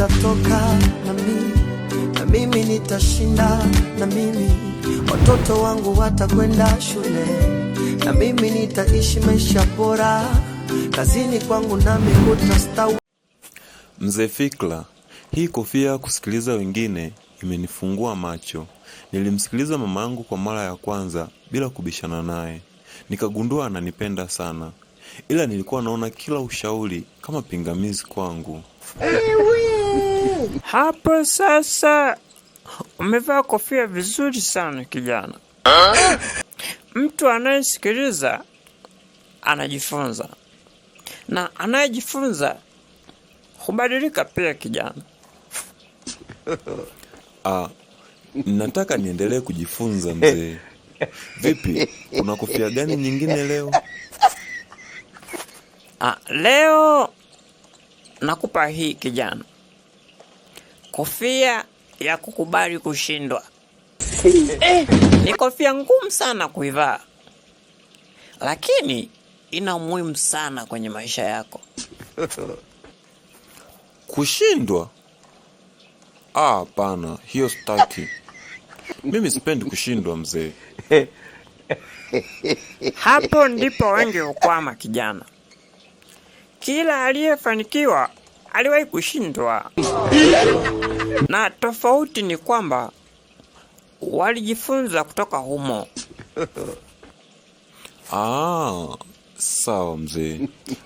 utatoka na mimi na mimi nitashinda na mimi, watoto wangu watakwenda shule na mimi nitaishi maisha bora, kazini kwangu nami kutastawi. Mzee fikla hii kofia kusikiliza wengine imenifungua macho. Nilimsikiliza mama yangu kwa mara ya kwanza bila kubishana naye, nikagundua ananipenda sana, ila nilikuwa naona kila ushauri kama pingamizi kwangu. hey, hapo sasa umevaa kofia vizuri sana kijana. Mtu anayesikiliza anajifunza na anayejifunza hubadilika pia kijana. Ah, nataka niendelee kujifunza mzee. Vipi, kuna kofia gani nyingine leo? Ah, leo nakupa hii kijana. Kofia ya kukubali kushindwa. Eh, ni kofia ngumu sana kuivaa, lakini ina umuhimu sana kwenye maisha yako. Kushindwa? Ah, hapana, hiyo sitaki. Mimi sipendi kushindwa mzee. Hapo ndipo wengi hukwama kijana. Kila aliyefanikiwa aliwahi kushindwa. na tofauti ni kwamba walijifunza kutoka humo. Ah, sawa mzee,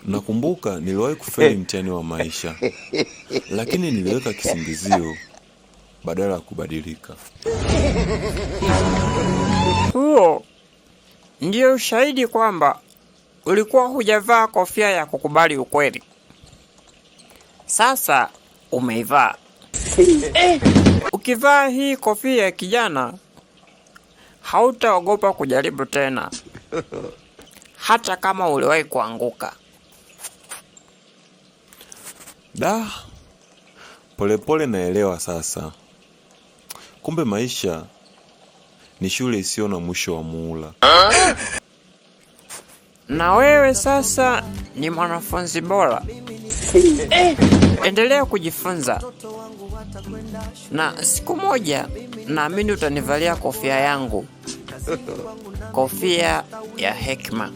nakumbuka niliwahi kufeli mtihani wa maisha, lakini niliweka kisingizio badala ya kubadilika. Huo ndio ushahidi kwamba ulikuwa hujavaa kofia ya kukubali ukweli. Sasa umeivaa. Eh, ukivaa hii kofia kijana, hautaogopa kujaribu tena, hata kama uliwahi kuanguka. Da, polepole naelewa sasa, kumbe maisha ni shule isiyo na mwisho wa muhula. Na wewe sasa ni mwanafunzi bora eh, endelea kujifunza na siku moja naamini utanivalia kofia yangu, kofia ya hekima.